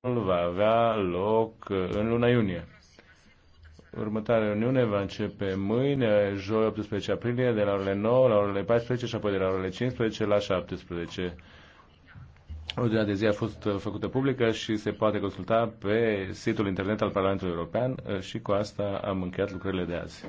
va avea loc uh, în luna iunie. Următoarea reuniune va începe mâine, joi 18 aprilie, de la orele 9 la orele 14 și apoi de la orele 15 la 17. Ordinea de zi a fost uh, făcută publică și se poate consulta pe site-ul internet al Parlamentului European uh, și cu asta am încheiat lucrările de azi.